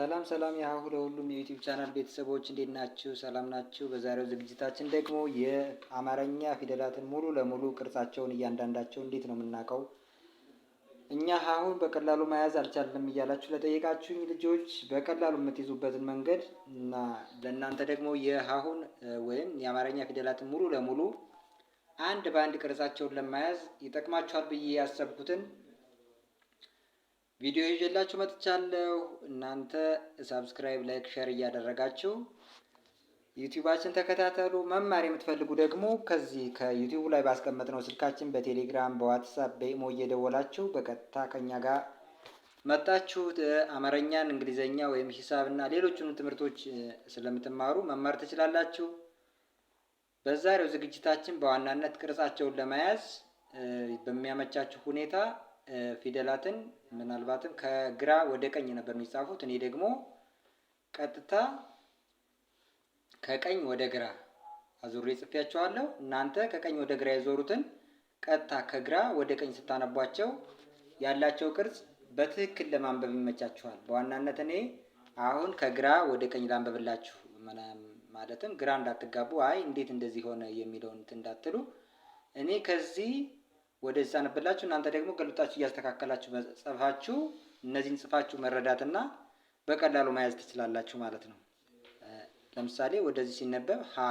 ሰላም ሰላም የሀሁ ለሁሉም የዩቲዩብ ቻናል ቤተሰቦች እንዴት ናችሁ? ሰላም ናችሁ? በዛሬው ዝግጅታችን ደግሞ የአማርኛ ፊደላትን ሙሉ ለሙሉ ቅርጻቸውን እያንዳንዳቸው እንዴት ነው የምናውቀው እኛ ሀሁን በቀላሉ መያዝ አልቻለም እያላችሁ ለጠየቃችሁኝ ልጆች በቀላሉ የምትይዙበትን መንገድ እና ለእናንተ ደግሞ የሀሁን ወይም የአማርኛ ፊደላትን ሙሉ ለሙሉ አንድ በአንድ ቅርጻቸውን ለመያዝ ይጠቅማችኋል ብዬ ያሰብኩትን ቪዲዮ ይዤላችሁ መጥቻለሁ። እናንተ ሳብስክራይብ፣ ላይክ፣ ሸር እያደረጋችሁ ዩቲዩባችን ተከታተሉ። መማር የምትፈልጉ ደግሞ ከዚህ ከዩቲዩቡ ላይ ባስቀመጥነው ስልካችን በቴሌግራም በዋትሳፕ በኢሞ እየደወላችሁ በቀጥታ ከኛ ጋር መጣችሁ አማርኛን፣ እንግሊዘኛ ወይም ሂሳብና እና ትምህርቶች ስለምትማሩ መማር ትችላላችሁ። በዛሬው ዝግጅታችን በዋናነት ቅርጻቸውን ለመያዝ በሚያመቻችሁ ሁኔታ ፊደላትን ምናልባትም ከግራ ወደ ቀኝ ነበር የሚጻፉት። እኔ ደግሞ ቀጥታ ከቀኝ ወደ ግራ አዙሬ ጽፌያቸዋለሁ። እናንተ ከቀኝ ወደ ግራ የዞሩትን ቀጥታ ከግራ ወደ ቀኝ ስታነቧቸው ያላቸው ቅርጽ በትክክል ለማንበብ ይመቻችኋል። በዋናነት እኔ አሁን ከግራ ወደ ቀኝ ላንበብላችሁ። ማለትም ግራ እንዳትጋቡ፣ አይ እንዴት እንደዚህ ሆነ የሚለውን እንዳትሉ እኔ ከዚህ ወደዚህ ነበላችሁ። እናንተ ደግሞ ገልብጣችሁ እያስተካከላችሁ ጽፋችሁ እነዚህን ጽፋችሁ መረዳትና በቀላሉ መያዝ ትችላላችሁ ማለት ነው። ለምሳሌ ወደዚህ ሲነበብ ሀ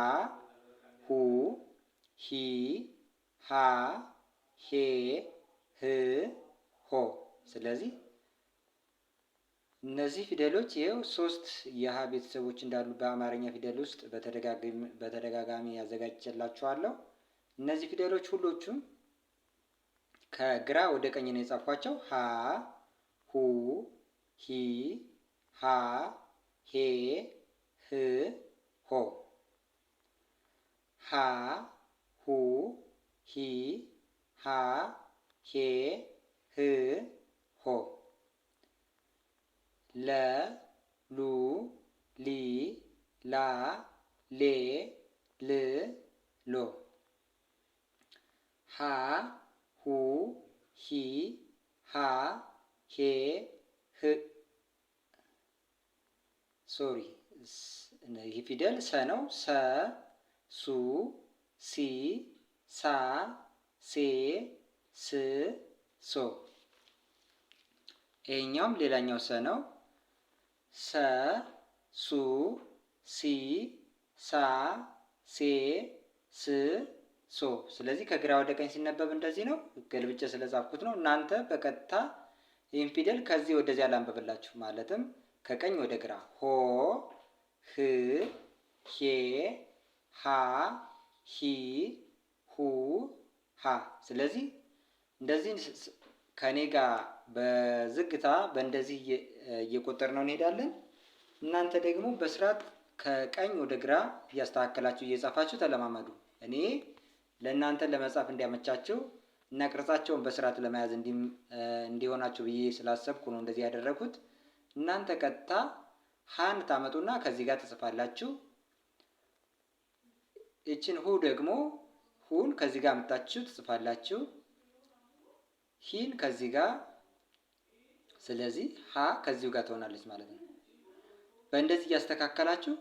ሁ ሂ ሃ ሄ ህ ሆ። ስለዚህ እነዚህ ፊደሎች ይኸው ሶስት የሀ ቤተሰቦች እንዳሉ በአማርኛ ፊደል ውስጥ በተደጋጋሚ ያዘጋጅላችኋለሁ። እነዚህ ፊደሎች ሁሎቹም ከግራ ወደ ቀኝ ነው የጻፏቸው። ሀ ሁ ሂ ሃ ሄ ህ ሆ ሃ ሁ ሂ ሃ ሄ ህ ሆ ለ ሉ ሊ ላ ሌ ል ሎ ሃ ሁ ሂ ሃ ሄ ህ ሶሪ ይህ ፊደል ሰ ነው። ሰ ሱ ሲ ሳ ሴ ስ ሶ ይሄኛውም ሌላኛው ሰ ነው። ሰ ሱ ሲ ሳ ሴ ስ ሶ ስለዚህ ከግራ ወደ ቀኝ ሲነበብ እንደዚህ ነው። ገልብጬ ስለጻፍኩት ነው። እናንተ በቀጥታ ይህን ፊደል ከዚህ ወደዚያ አላንበብላችሁ። ማለትም ከቀኝ ወደ ግራ ሆ፣ ህ፣ ሄ፣ ሀ ሂ፣ ሁ፣ ሀ። ስለዚህ እንደዚህ ከኔ ጋር በዝግታ በእንደዚህ እየቆጠር ነው እንሄዳለን። እናንተ ደግሞ በስርዓት ከቀኝ ወደ ግራ እያስተካከላችሁ እየጻፋችሁ ተለማመዱ። እኔ ለእናንተ ለመጻፍ እንዲያመቻችሁ እና ቅርጻቸውን በስርዓት ለመያዝ እንዲሆናችሁ ብዬ ስላሰብኩ ነው እንደዚህ ያደረኩት። እናንተ ቀጥታ ሀን ታመጡና ከዚህ ጋር ትጽፋላችሁ። ይችን ሁ ደግሞ ሁን ከዚህ ጋር አምጣችሁ ትጽፋላችሁ። ሂን ከዚህ ጋር ስለዚህ ሀ ከዚሁ ጋር ትሆናለች ማለት ነው። በእንደዚህ እያስተካከላችሁ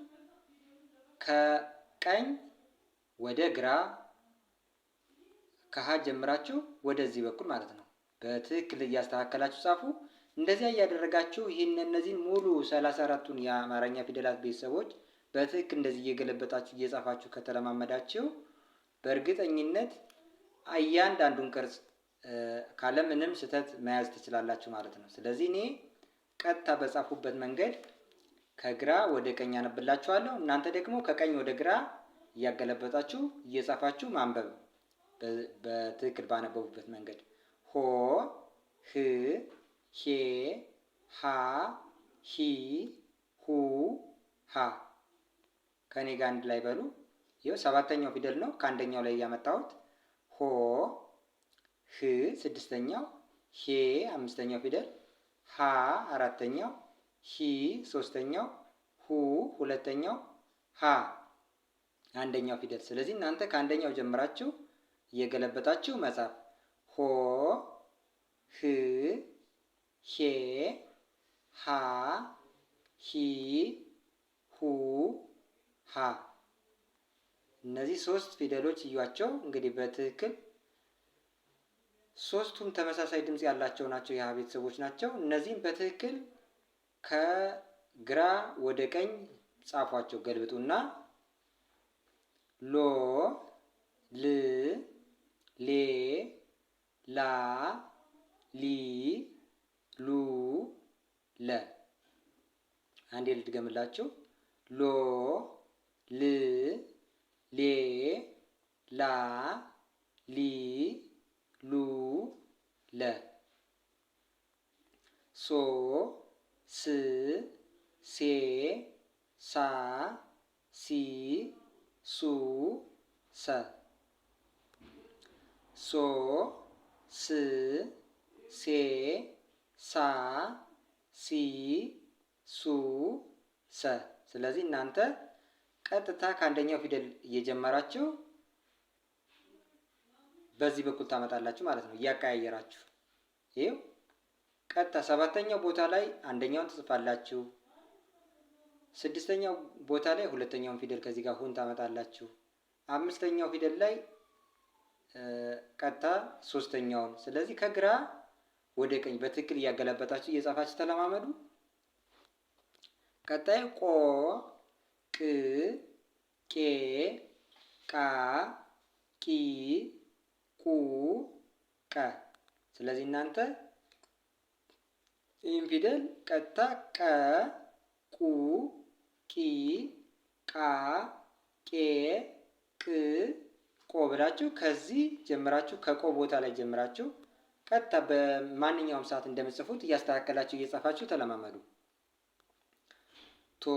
ከቀኝ ወደ ግራ ከሀ ጀምራችሁ ወደዚህ በኩል ማለት ነው። በትክክል እያስተካከላችሁ ጻፉ። እንደዚያ እያደረጋችሁ ይህን እነዚህን ሙሉ ሰላሳ አራቱን የአማርኛ ፊደላት ቤተሰቦች በትክክል እንደዚህ እየገለበጣችሁ እየጻፋችሁ ከተለማመዳችሁ በእርግጠኝነት እያንዳንዱን ቅርጽ ካለምንም ስህተት መያዝ ትችላላችሁ ማለት ነው። ስለዚህ እኔ ቀጥታ በጻፉበት መንገድ ከግራ ወደ ቀኝ አነብላችኋለሁ። እናንተ ደግሞ ከቀኝ ወደ ግራ እያገለበጣችሁ እየጻፋችሁ ማንበብ በትክክል ባነበቡበት መንገድ ሆ ህ ሄ ሀ ሂ ሁ ሀ ከኔ ጋር አንድ ላይ በሉ። ይኸው ሰባተኛው ፊደል ነው ከአንደኛው ላይ እያመጣሁት ሆ ህ ስድስተኛው፣ ሄ አምስተኛው ፊደል፣ ሀ አራተኛው፣ ሂ ሶስተኛው፣ ሁ ሁለተኛው፣ ሀ አንደኛው ፊደል። ስለዚህ እናንተ ከአንደኛው ጀምራችሁ እየገለበጣችሁ መጻፍ ሆ ህ ሄ ሀ ሂ ሁ ሀ እነዚህ ሶስት ፊደሎች እያቸው እንግዲህ በትክክል ሶስቱም ተመሳሳይ ድምፅ ያላቸው ናቸው። የሀ ቤተሰቦች ናቸው። እነዚህም በትክክል ከግራ ወደ ቀኝ ጻፏቸው። ገልብጡና ሎ ል ሌ ላ ሊ ሉ ለ አንዴ ልድገምላችሁ። ሎ ል ሌ ላ ሊ ሉ ለ ሶ ስ ሴ ሳ ሲ ሱ ሰ ሶ ስ ሴ ሳ ሲ ሱ ሰ። ስለዚህ እናንተ ቀጥታ ከአንደኛው ፊደል እየጀመራችሁ በዚህ በኩል ታመጣላችሁ ማለት ነው፣ እያቀያየራችሁ ይኸው ቀጥታ ሰባተኛው ቦታ ላይ አንደኛውን ትጽፋላችሁ። ስድስተኛው ቦታ ላይ ሁለተኛውን ፊደል ከዚህ ጋር ሁን ታመጣላችሁ። አምስተኛው ፊደል ላይ ቀጥታ ሶስተኛውን። ስለዚህ ከግራ ወደ ቀኝ በትክክል እያገላበጣችሁ እየጻፋችሁ ተለማመዱ። ቀጣይ ቆ ቅ ቄ ቃ ቂ ቁ ቀ። ስለዚህ እናንተ ይህን ፊደል ቀጥታ ቀ ቁ ቂ ቃ ቄ ቅ ቆ ብላችሁ ከዚህ ጀምራችሁ ከቆ ቦታ ላይ ጀምራችሁ ቀጥታ በማንኛውም ሰዓት እንደምጽፉት እያስተካከላችሁ እየጻፋችሁ ተለማመዱ። ቶ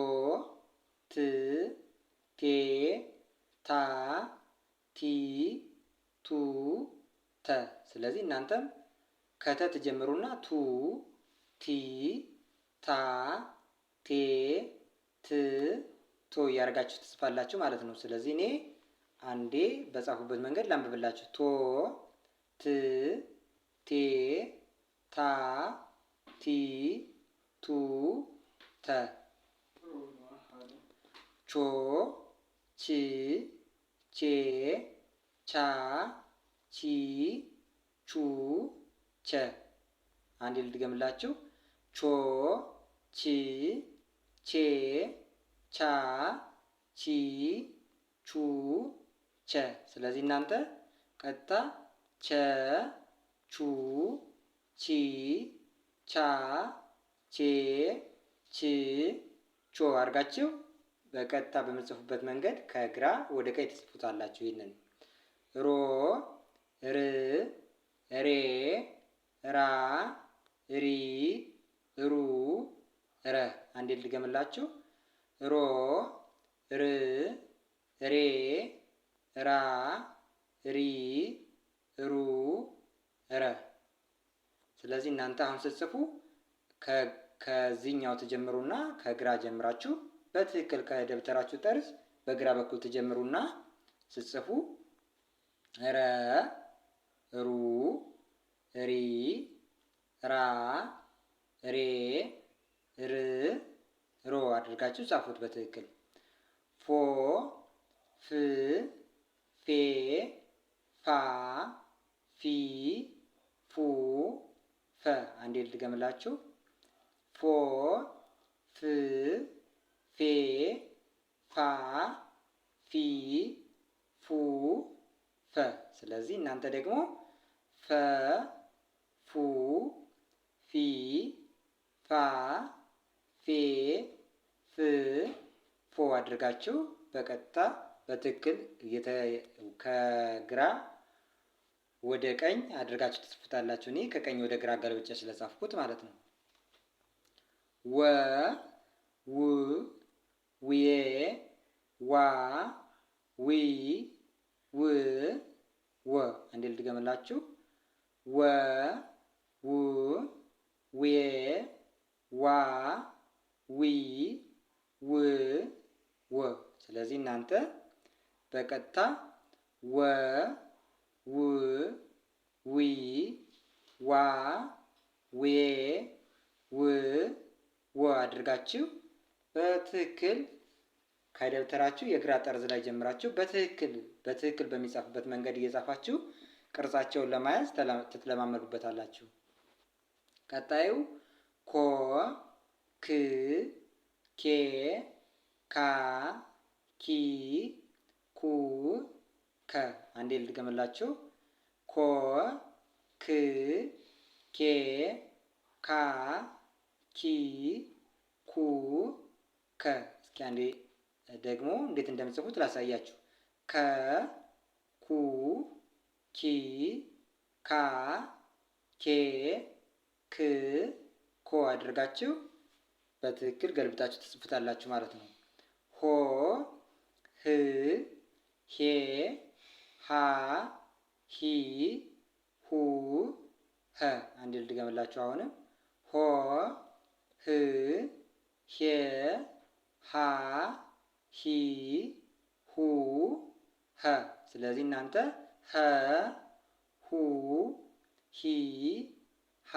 ት ቴ ታ ቲ ቱ ተ። ስለዚህ እናንተም ከተ ትጀምሩና ቱ ቲ ታ ቴ ት ቶ እያደርጋችሁ ትጽፋላችሁ ማለት ነው። ስለዚህ እኔ አንዴ በጻፉበት መንገድ ላንብብላችሁ። ቶ ት ቴ ታ ቲ ቱ ተ ቾ ቺ ቼ ቻ ቺ ቹ ቸ። አንዴ ልድገምላችሁ። ቾ ቺ ቼ ቻ ቺ ቹ ቸ። ስለዚህ እናንተ ቀጥታ ቸ፣ ቹ፣ ቺ፣ ቻ፣ ቼ፣ ቺ፣ ቾ አድርጋችሁ በቀጥታ በምጽፉበት መንገድ ከግራ ወደ ቀኝ ትጽፉታላችሁ። ይህንን ሮ፣ ር፣ ሬ፣ ራ፣ ሪ፣ ሩ፣ ረ። አንዴ ልድገምላችሁ። ሮ፣ ር፣ ሬ ራ ሪ ሩ ረ። ስለዚህ እናንተ አሁን ስትጽፉ ከዚህኛው ትጀምሩና ከግራ ጀምራችሁ በትክክል ከደብተራችሁ ጠርዝ በግራ በኩል ትጀምሩና ስትጽፉ ረ ሩ ሪ ራ ሬ ር ሮ አድርጋችሁ ጻፉት በትክክል ፎ ፍ ፌ ፋ ፊ ፉ ፈ አንዴ ልድገምላችሁ። ፎ ፍ ፌ ፋ ፊ ፉ ፈ። ስለዚህ እናንተ ደግሞ ፈ ፉ ፊ ፋ ፌ ፍ ፎ አድርጋችሁ በቀጥታ በትክክል ከግራ ወደ ቀኝ አድርጋችሁ ትጽፉታላችሁ። እኔ ከቀኝ ወደ ግራ ገልብጬ ስለጻፍኩት ማለት ነው። ወ ው ውዬ ዋ ዊ ው ወ እንዴ ልድገምላችሁ። ወ ው ውዬ ዋ ዊ ው ወ ስለዚህ እናንተ በቀጥታ ወ ው ዊ ዋ ዌ ው ወ አድርጋችሁ በትክክል ከደብተራችሁ የግራ ጠርዝ ላይ ጀምራችሁ በትክክል በትክክል በሚጻፍበት መንገድ እየጻፋችሁ ቅርጻቸውን ለመያዝ ትለማመዱበታላችሁ። ቀጣዩ ኮ ክ ኬ ካ ኪ ኩ ከ አንዴ ልድገምላችሁ ኮ ክ ኬ ካ ኪ ኩ ከ እስኪ አንዴ ደግሞ እንዴት እንደምጽፉት ላሳያችሁ ከ ኩ ኪ ካ ኬ ክ ኮ አድርጋችሁ በትክክል ገልብጣችሁ ትጽፉታላችሁ ማለት ነው ሆ ህ ሄ ሃ ሂ ሁ ሀ አንድ ልድገምላችሁ። አሁንም ሆ ህ ሄ ሃ ሂ ሁ ሀ። ስለዚህ እናንተ ሀ ሁ ሂ ሃ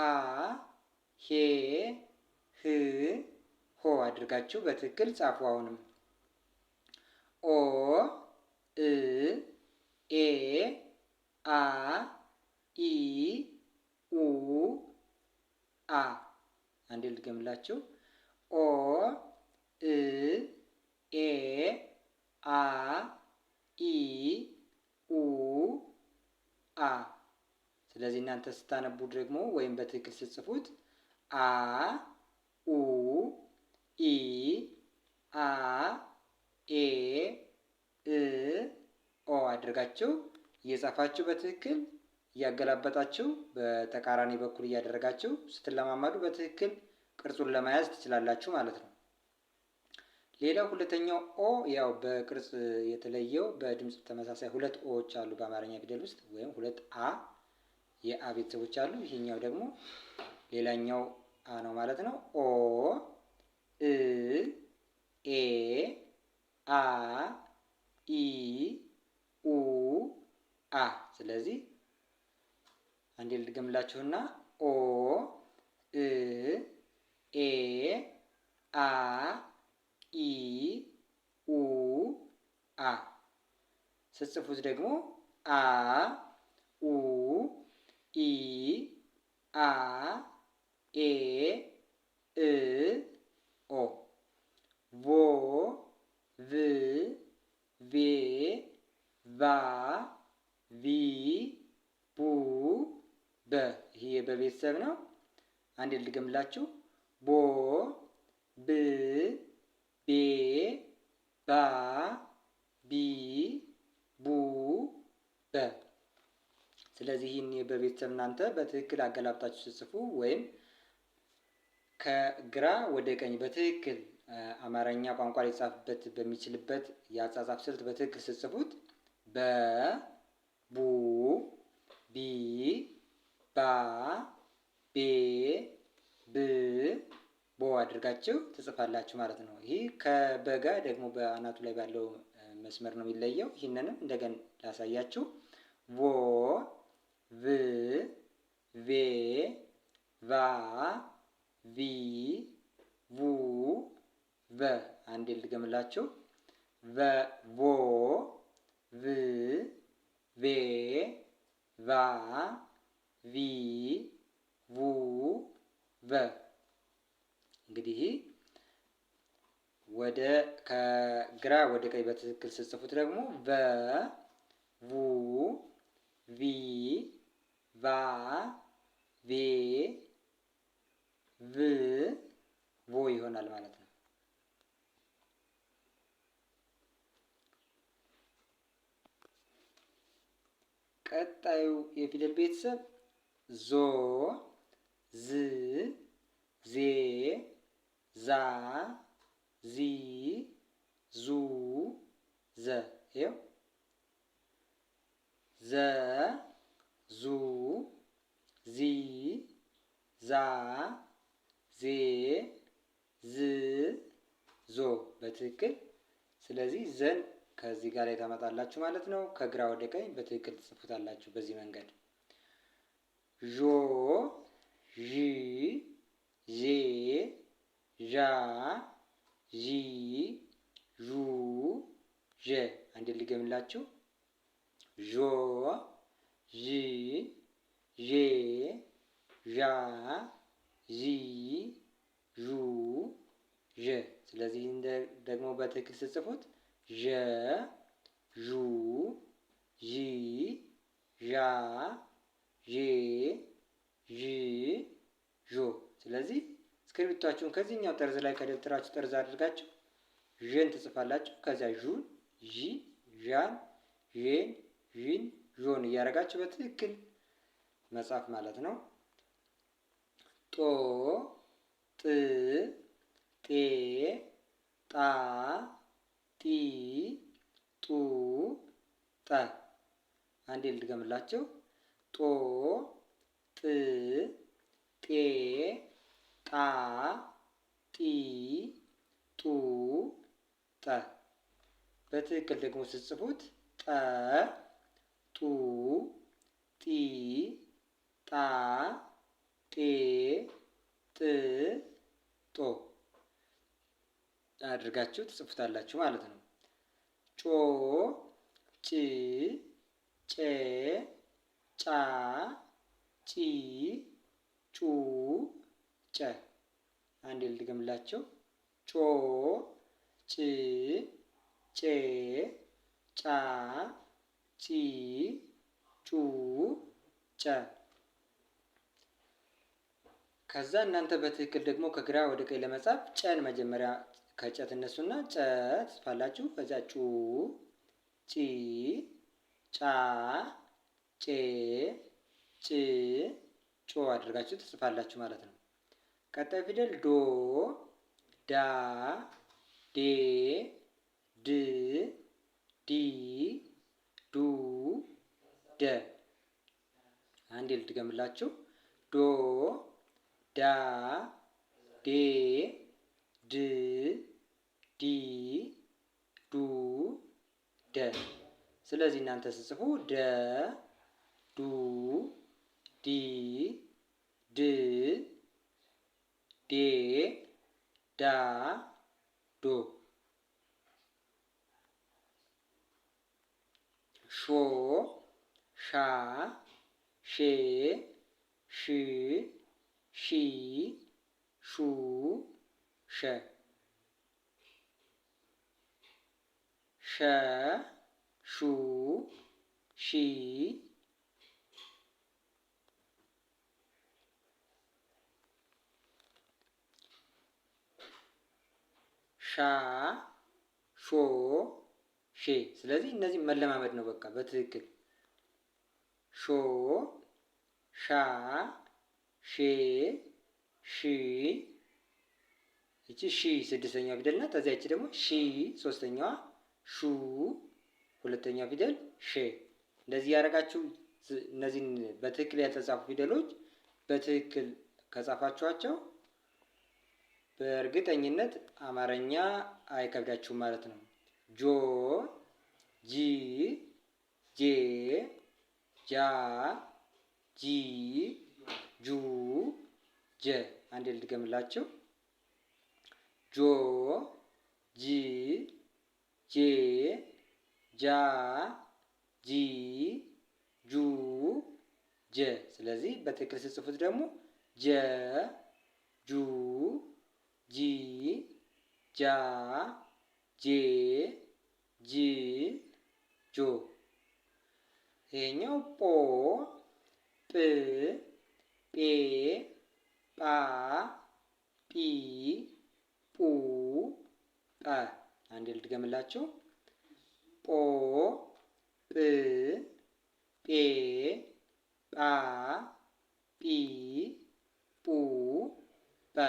ሄ ህ ሆ አድርጋችሁ በትክክል ጻፉ። አሁንም ኦ እ ኤ አ ኢ ኡ አ አንዴ ልድገምላችሁ። ኦ እ ኤ አ ኢ ኡ አ ስለዚህ እናንተ ስታነቡ ደግሞ ወይም በትክክል ስትጽፉት አ ኡ ኢ አ ኤ እ ኦ አድርጋችሁ እየጻፋችሁ በትክክል እያገላበጣችሁ በተቃራኒ በኩል እያደረጋችሁ ስትለማመዱ በትክክል ቅርጹን ለመያዝ ትችላላችሁ ማለት ነው። ሌላው ሁለተኛው ኦ ያው በቅርጽ የተለየው በድምፅ ተመሳሳይ ሁለት ኦዎች አሉ በአማርኛ ፊደል ውስጥ ወይም ሁለት አ የአ ቤተሰቦች አሉ። ይሄኛው ደግሞ ሌላኛው አ ነው ማለት ነው። ኦ እ ኤ አ ኢ ኡ አ ስለዚህ አንዴ ልድገምላችሁና ኦ እ ኤ አ ኢ ኡ አ ስጽፉት ደግሞ አ ኡ ኢ አ ኤ እ ኦ ቮ ቭ ቬ ቫ ቪ ቡ በ ይሄ በቤተሰብ ነው። አንድ ልድገምላችሁ። ቦ ብ ቤ ባ ቢ ቡ በ ስለዚህ ይህን በቤተሰብ እናንተ በትክክል አገላብጣችሁ ስትጽፉ ወይም ከግራ ወደ ቀኝ በትክክል አማርኛ ቋንቋ ሊጻፍበት በሚችልበት የአጻጻፍ ስልት በትክክል ስጽፉት በ ቡ ቢ ባ ቤ ብ ቦ አድርጋችሁ ትጽፋላችሁ ማለት ነው። ይህ ከበጋ ደግሞ በአናቱ ላይ ባለው መስመር ነው የሚለየው። ይህንንም እንደገን ላሳያችሁ። ቮ ቭ ቬ ቫ ቪ ቡ ቨ አንዴ ልድገምላችሁ ቨ ቮ ቭ ቬ ቫ ቪ ቡ ቨ እንግዲህ ወደ ከግራ ወደ ቀኝ በትክክል ስጽፉት ደግሞ ቨ ቡ ቪ ቫ ቬ ቭ ቮ ይሆናል ማለት ነው። ቀጣዩ የፊደል ቤተሰብ ዞ፣ ዝ፣ ዜ፣ ዛ፣ ዚ፣ ዙ፣ ዘ። ይኸው ዘ፣ ዙ፣ ዚ፣ ዛ፣ ዜ፣ ዝ፣ ዞ። በትክክል ስለዚህ ዘን ከዚህ ጋር ላይ ታመጣላችሁ ማለት ነው። ከግራ ወደ ቀኝ በትክክል ትጽፉታላችሁ በዚህ መንገድ ዦ ዢ ዤ ዣ ዢ ዡ ዤ አንድ ልገምላችሁ ዦ ዢ ዤ ዣ ዢ ዡ ዤ። ስለዚህ ደግሞ በትክክል ስጽፉት ዠ ዡ ዢ ዣ ዤ ዥ ዦ ስለዚህ እስክሪብቶቻችሁን ከዚህኛው ጠርዝ ላይ ከደብተራችሁ ጠርዝ አድርጋችሁ ዥን ትጽፋላችሁ። ከዚያ ዡን ዢ ዣን ዤን ዥን ዦን እያደረጋችሁ በትክክል መጻፍ ማለት ነው። ጦ ጥ ጤ ጣ ጢ ጡ ጠ አንዴ ልድገምላችሁ። ጦ ጥ ጤ ጣ ጢ ጡ ጠ በትክክል ደግሞ ስትጽፉት ጠ ጡ ጢ ጣ ጤ ጥ ጦ አድርጋችሁ ትጽፉታላችሁ ማለት ነው። ጮ ጭ ጬ ጫ ጪ ጩ ጨ። አንድ ልድገምላችሁ። ጮ ጭ ጬ ጫ ጪ ጩ ጨ። ከዛ እናንተ በትክክል ደግሞ ከግራ ወደ ቀኝ ለመጻፍ ጨን መጀመሪያ ከጨት እነሱና ጨት ትጽፋላችሁ ከዛ ጩ ጪ ጫ ጬ ጭ ጮ አድርጋችሁ ትጽፋላችሁ ማለት ነው። ቀጣይ ፊደል ዶ ዳ ዴ ድ ዲ ዱ ደ። አንዴ ልድገምላችሁ። ዶ ዳ ዴ ድ ዲ ዱ ደ ስለዚህ እናንተ ስጽፉ ደ ዱ ዲ ድ ዴ ዳ ዶ ሾ ሻ ሼ ሽ ሺ ሹ ሸ ሸ ሹ ሺ ሻ ሾ ሼ። ስለዚህ እነዚህ መለማመድ ነው። በቃ በትክክል ሾ ሻ ሼ ሺ እቺ ሺ ስድስተኛዋ ፊደል ናት። ከዚያ እቺ ደግሞ ሺ ሶስተኛዋ፣ ሹ ሁለተኛዋ ፊደል፣ ሼ። እንደዚህ ያደረጋችሁ እነዚህን በትክክል ያልተጻፉ ፊደሎች በትክክል ከጻፋችኋቸው በእርግጠኝነት አማርኛ አይከብዳችሁም ማለት ነው። ጆ፣ ጂ፣ ጄ፣ ጃ፣ ጂ፣ ጁ፣ ጀ። አንድ ልድገምላችሁ። ጆ ጂ ጄ ጃ ጂ ጁ ጀ። ስለዚህ በትክክል ስጽፉት ደግሞ ጀ ጁ ጂ ጃ ጄ ጂ ጆ። ይሄኛው ጶ ጵ ጴ ጳ ጲ ፑ ጰ አንዴ ልድገምላችሁ ጶ ጵ ጴ ጳ ጲ ፑ ጰ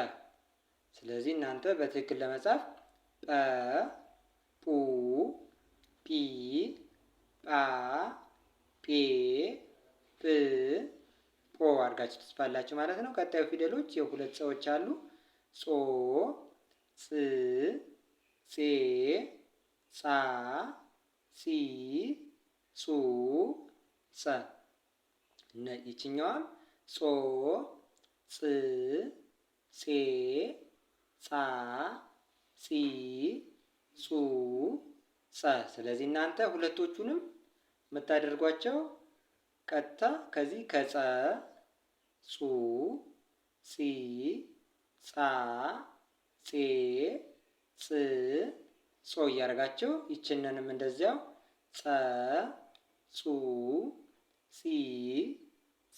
ስለዚህ እናንተ በትክክል ለመጻፍ ጰ ፑ ጲ ጳ ጴ ፕ ጶ አድርጋችሁ ትጽፋላችሁ ማለት ነው። ቀጣዩ ፊደሎች የሁለት ሰዎች አሉ ጾ ጽ ጼ ጻ ጺ ጹ ጸ ነ ይችኛዋም ጾ ጽ ጼ ጻ ጺ ጹ ጸ ስለዚህ እናንተ ሁለቶቹንም የምታደርጓቸው ቀጥታ ከዚህ ከጸ ጹ ጺ ጻ ፄ ጽ ጾ እያደረጋችሁ ይችንንም እንደዚያው ጸ ጹ ጺ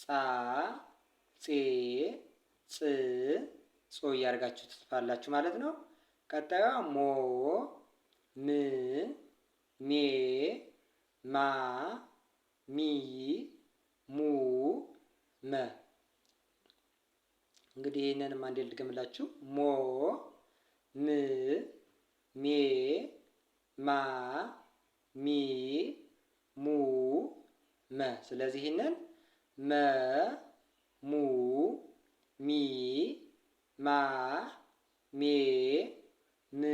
ጻ ጾ እያደረጋችሁ ትጽፋላችሁ ማለት ነው። ቀጣዩ ሞ ም ሜ ማ ሚ ሙ መ እንግዲህ ይህንንም አንዴ ልድገምላችሁ ሞ ም ሜ ማ ሚ ሙ መ። ስለዚህ ይህንን መ ሙ ሚ ማ ሜ ም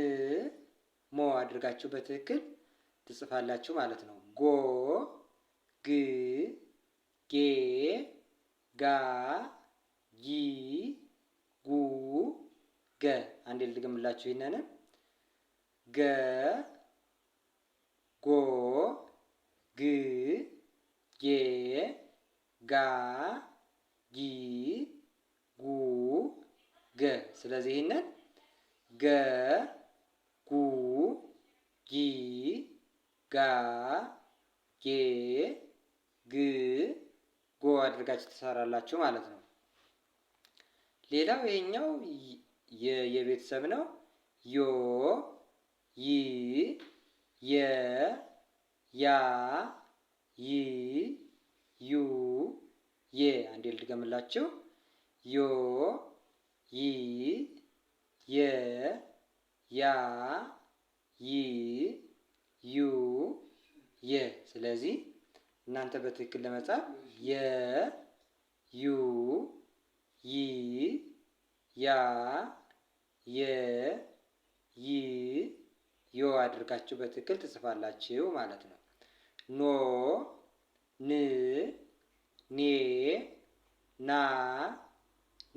ሞ አድርጋችሁ በትክክል ትጽፋላችሁ ማለት ነው። ጎ ግ ጌ ጋ ጊ ጉ ገ አንዴ ልድግምላችሁ ይህንን ገ ጎ ግ ጌ ጋ ጊ ጉ ገ። ስለዚህ ይህንን ገ ጉ ጊ ጋ ጌ ግ ጎ አድርጋችሁ ትሰራላችሁ ማለት ነው። ሌላው ይሄኛው የቤተሰብ ነው። ዮ ይ የ ያ ይ ዩ የ አንዴ ልድገምላችሁ። ዮ ይ የ ያ ይ ዩ የ። ስለዚህ እናንተ በትክክል ለመጻፍ የ ዩ ይ ያ የ ይ ዮ አድርጋችሁ በትክክል ትጽፋላችሁ ማለት ነው። ኖ ን ኔ ና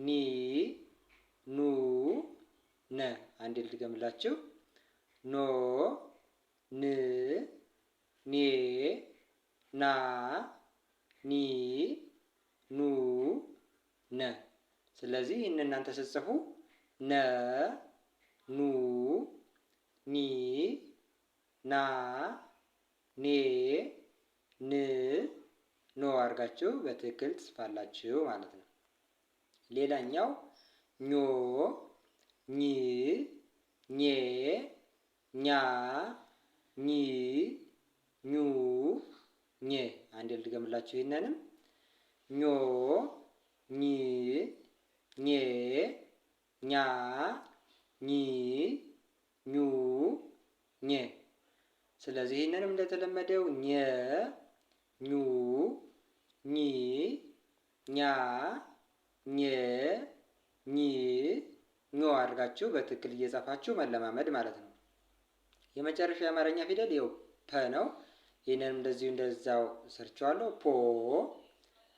ኒ ኑ ነ አንዴ ልድገምላችሁ። ኖ ን ኔ ና ኒ ኑ ነ። ስለዚህ ይህን እናንተ ስትጽፉ ነ ኑ ኒ ና ኔ ን ኖ አድርጋችሁ በትክክል ትጽፋላችሁ ማለት ነው። ሌላኛው ኞ ኝ ኜ ኛ ኝ ኙ ኘ አንዴ ልድገምላችሁ ይህንንም ኞ ኝ ኜ ኛ ኚ ኙ ኘ ስለዚህ ይህንንም እንደተለመደው ኘ ኙ ኚ ኛ ኘ ኚ ኞ አድርጋችሁ በትክክል እየጻፋችሁ መለማመድ ማለት ነው። የመጨረሻ የአማርኛ ፊደል ይኸው ፐ ነው። ይህንንም እንደዚሁ እንደዛው ሰርቸዋለሁ። ፖ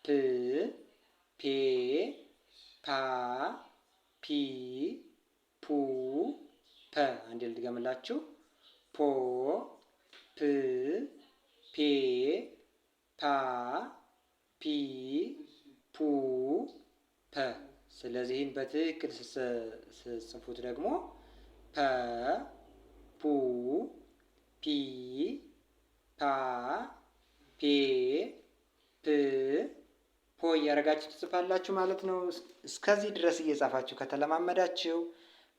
ፕ ፔ ፓ ፒ ፑ ፐ አንዴ ልድገምላችሁ። ፖ ፕ ፔ ፓ ፒ ፑ ፐ። ስለዚህን በትክክል ስጽፉት ደግሞ ፐ ፑ ፒ ፓ ፔ ፕ ሆ እያደረጋችሁ ትጽፋላችሁ ማለት ነው። እስከዚህ ድረስ እየጻፋችሁ ከተለማመዳችሁ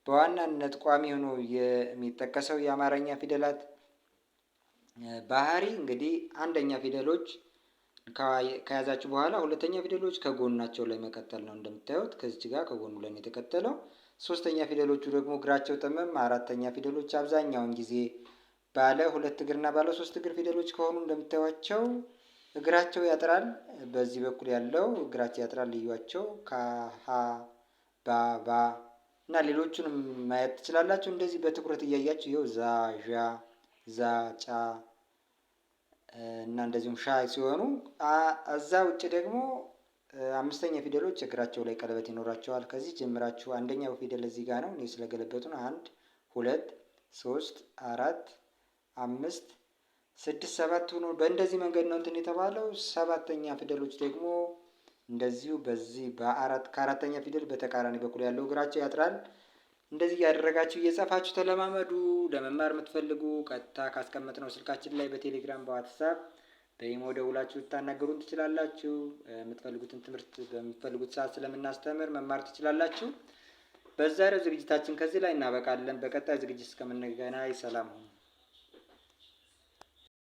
በዋናነት ቋሚ ሆኖ የሚጠቀሰው የአማርኛ ፊደላት ባህሪ እንግዲህ አንደኛ ፊደሎች ከያዛችሁ በኋላ ሁለተኛ ፊደሎች ከጎናቸው ላይ መቀጠል ነው። እንደምታዩት ከዚች ጋር ከጎኑ ላይ ነው የተቀጠለው። ሶስተኛ ፊደሎቹ ደግሞ እግራቸው ጥመም። አራተኛ ፊደሎች አብዛኛውን ጊዜ ባለ ሁለት እግርና ባለ ሶስት እግር ፊደሎች ከሆኑ እንደምታዩቸው እግራቸው ያጥራል በዚህ በኩል ያለው እግራቸው ያጥራል ልዩቸው ካሀ ባባ እና ሌሎቹን ማየት ትችላላችሁ። እንደዚህ በትኩረት እያያችሁ ይኸው ዛ ዣ ዛ ጫ እና እንደዚሁም ሻ ሲሆኑ እዛ ውጭ ደግሞ አምስተኛ ፊደሎች እግራቸው ላይ ቀለበት ይኖራቸዋል። ከዚህ ጀምራችሁ አንደኛው ፊደል እዚህ ጋር ነው። እኔ ስለገለበቱ አንድ ሁለት ሶስት አራት አምስት ስድስት ሰባት ሆኖ በእንደዚህ መንገድ ነው እንትን የተባለው። ሰባተኛ ፊደሎች ደግሞ እንደዚሁ በዚህ በአራት ከአራተኛ ፊደል በተቃራኒ በኩል ያለው እግራቸው ያጥራል። እንደዚህ እያደረጋችሁ እየጻፋችሁ ተለማመዱ። ለመማር የምትፈልጉ ቀጥታ ካስቀመጥነው ስልካችን ላይ በቴሌግራም በዋትሳፕ በኢሞ ደውላችሁ ልታናገሩን ትችላላችሁ። የምትፈልጉትን ትምህርት በምትፈልጉት ሰዓት ስለምናስተምር መማር ትችላላችሁ። በዛሬው ዝግጅታችን ከዚህ ላይ እናበቃለን። በቀጣይ ዝግጅት እስከምንገናኝ ሰላም ሁኑ።